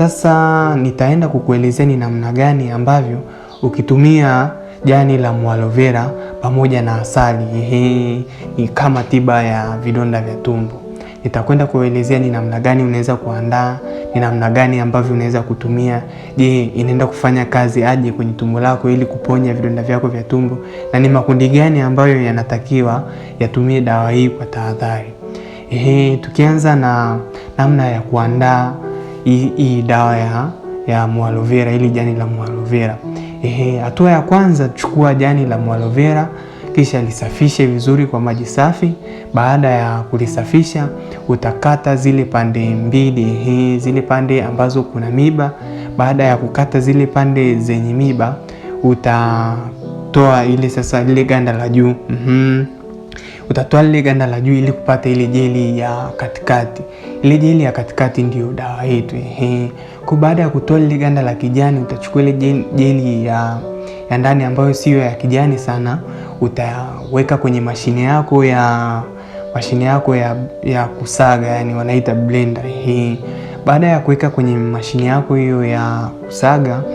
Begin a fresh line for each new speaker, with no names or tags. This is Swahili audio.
Sasa nitaenda kukuelezea ni namna gani ambavyo ukitumia jani la aloe vera pamoja na asali ehe, ni kama tiba ya vidonda vya tumbo. Nitakwenda kuelezea ni namna gani unaweza kuandaa, ni namna gani ambavyo unaweza kutumia. Je, inaenda kufanya kazi aje kwenye tumbo lako ili kuponya vidonda vyako vya tumbo, na ni makundi gani ambayo yanatakiwa yatumie dawa hii kwa tahadhari. Ehe, tukianza na namna ya kuandaa hii dawa ya, ya aloe vera, ili jani la mwalovera vera. Ehe, hatua ya kwanza, chukua jani la mwalovera vera kisha lisafishe vizuri kwa maji safi. Baada ya kulisafisha, utakata zile pande mbili, ehe, zile pande ambazo kuna miba. Baada ya kukata zile pande zenye miba, utatoa ile sasa lile ganda la juu. mm -hmm. Utatoa lile ganda la juu ili kupata ile jeli ya katikati. Ile jeli ya katikati ndiyo dawa yetu. Kwa baada ya kutoa lile ganda la kijani, utachukua ile jeli ya, ya ndani ambayo siyo ya kijani sana, utaweka kwenye mashine yako ya mashine yako ya, ya kusaga, yani wanaita blender. Baada ya kuweka kwenye mashine yako hiyo ya kusaga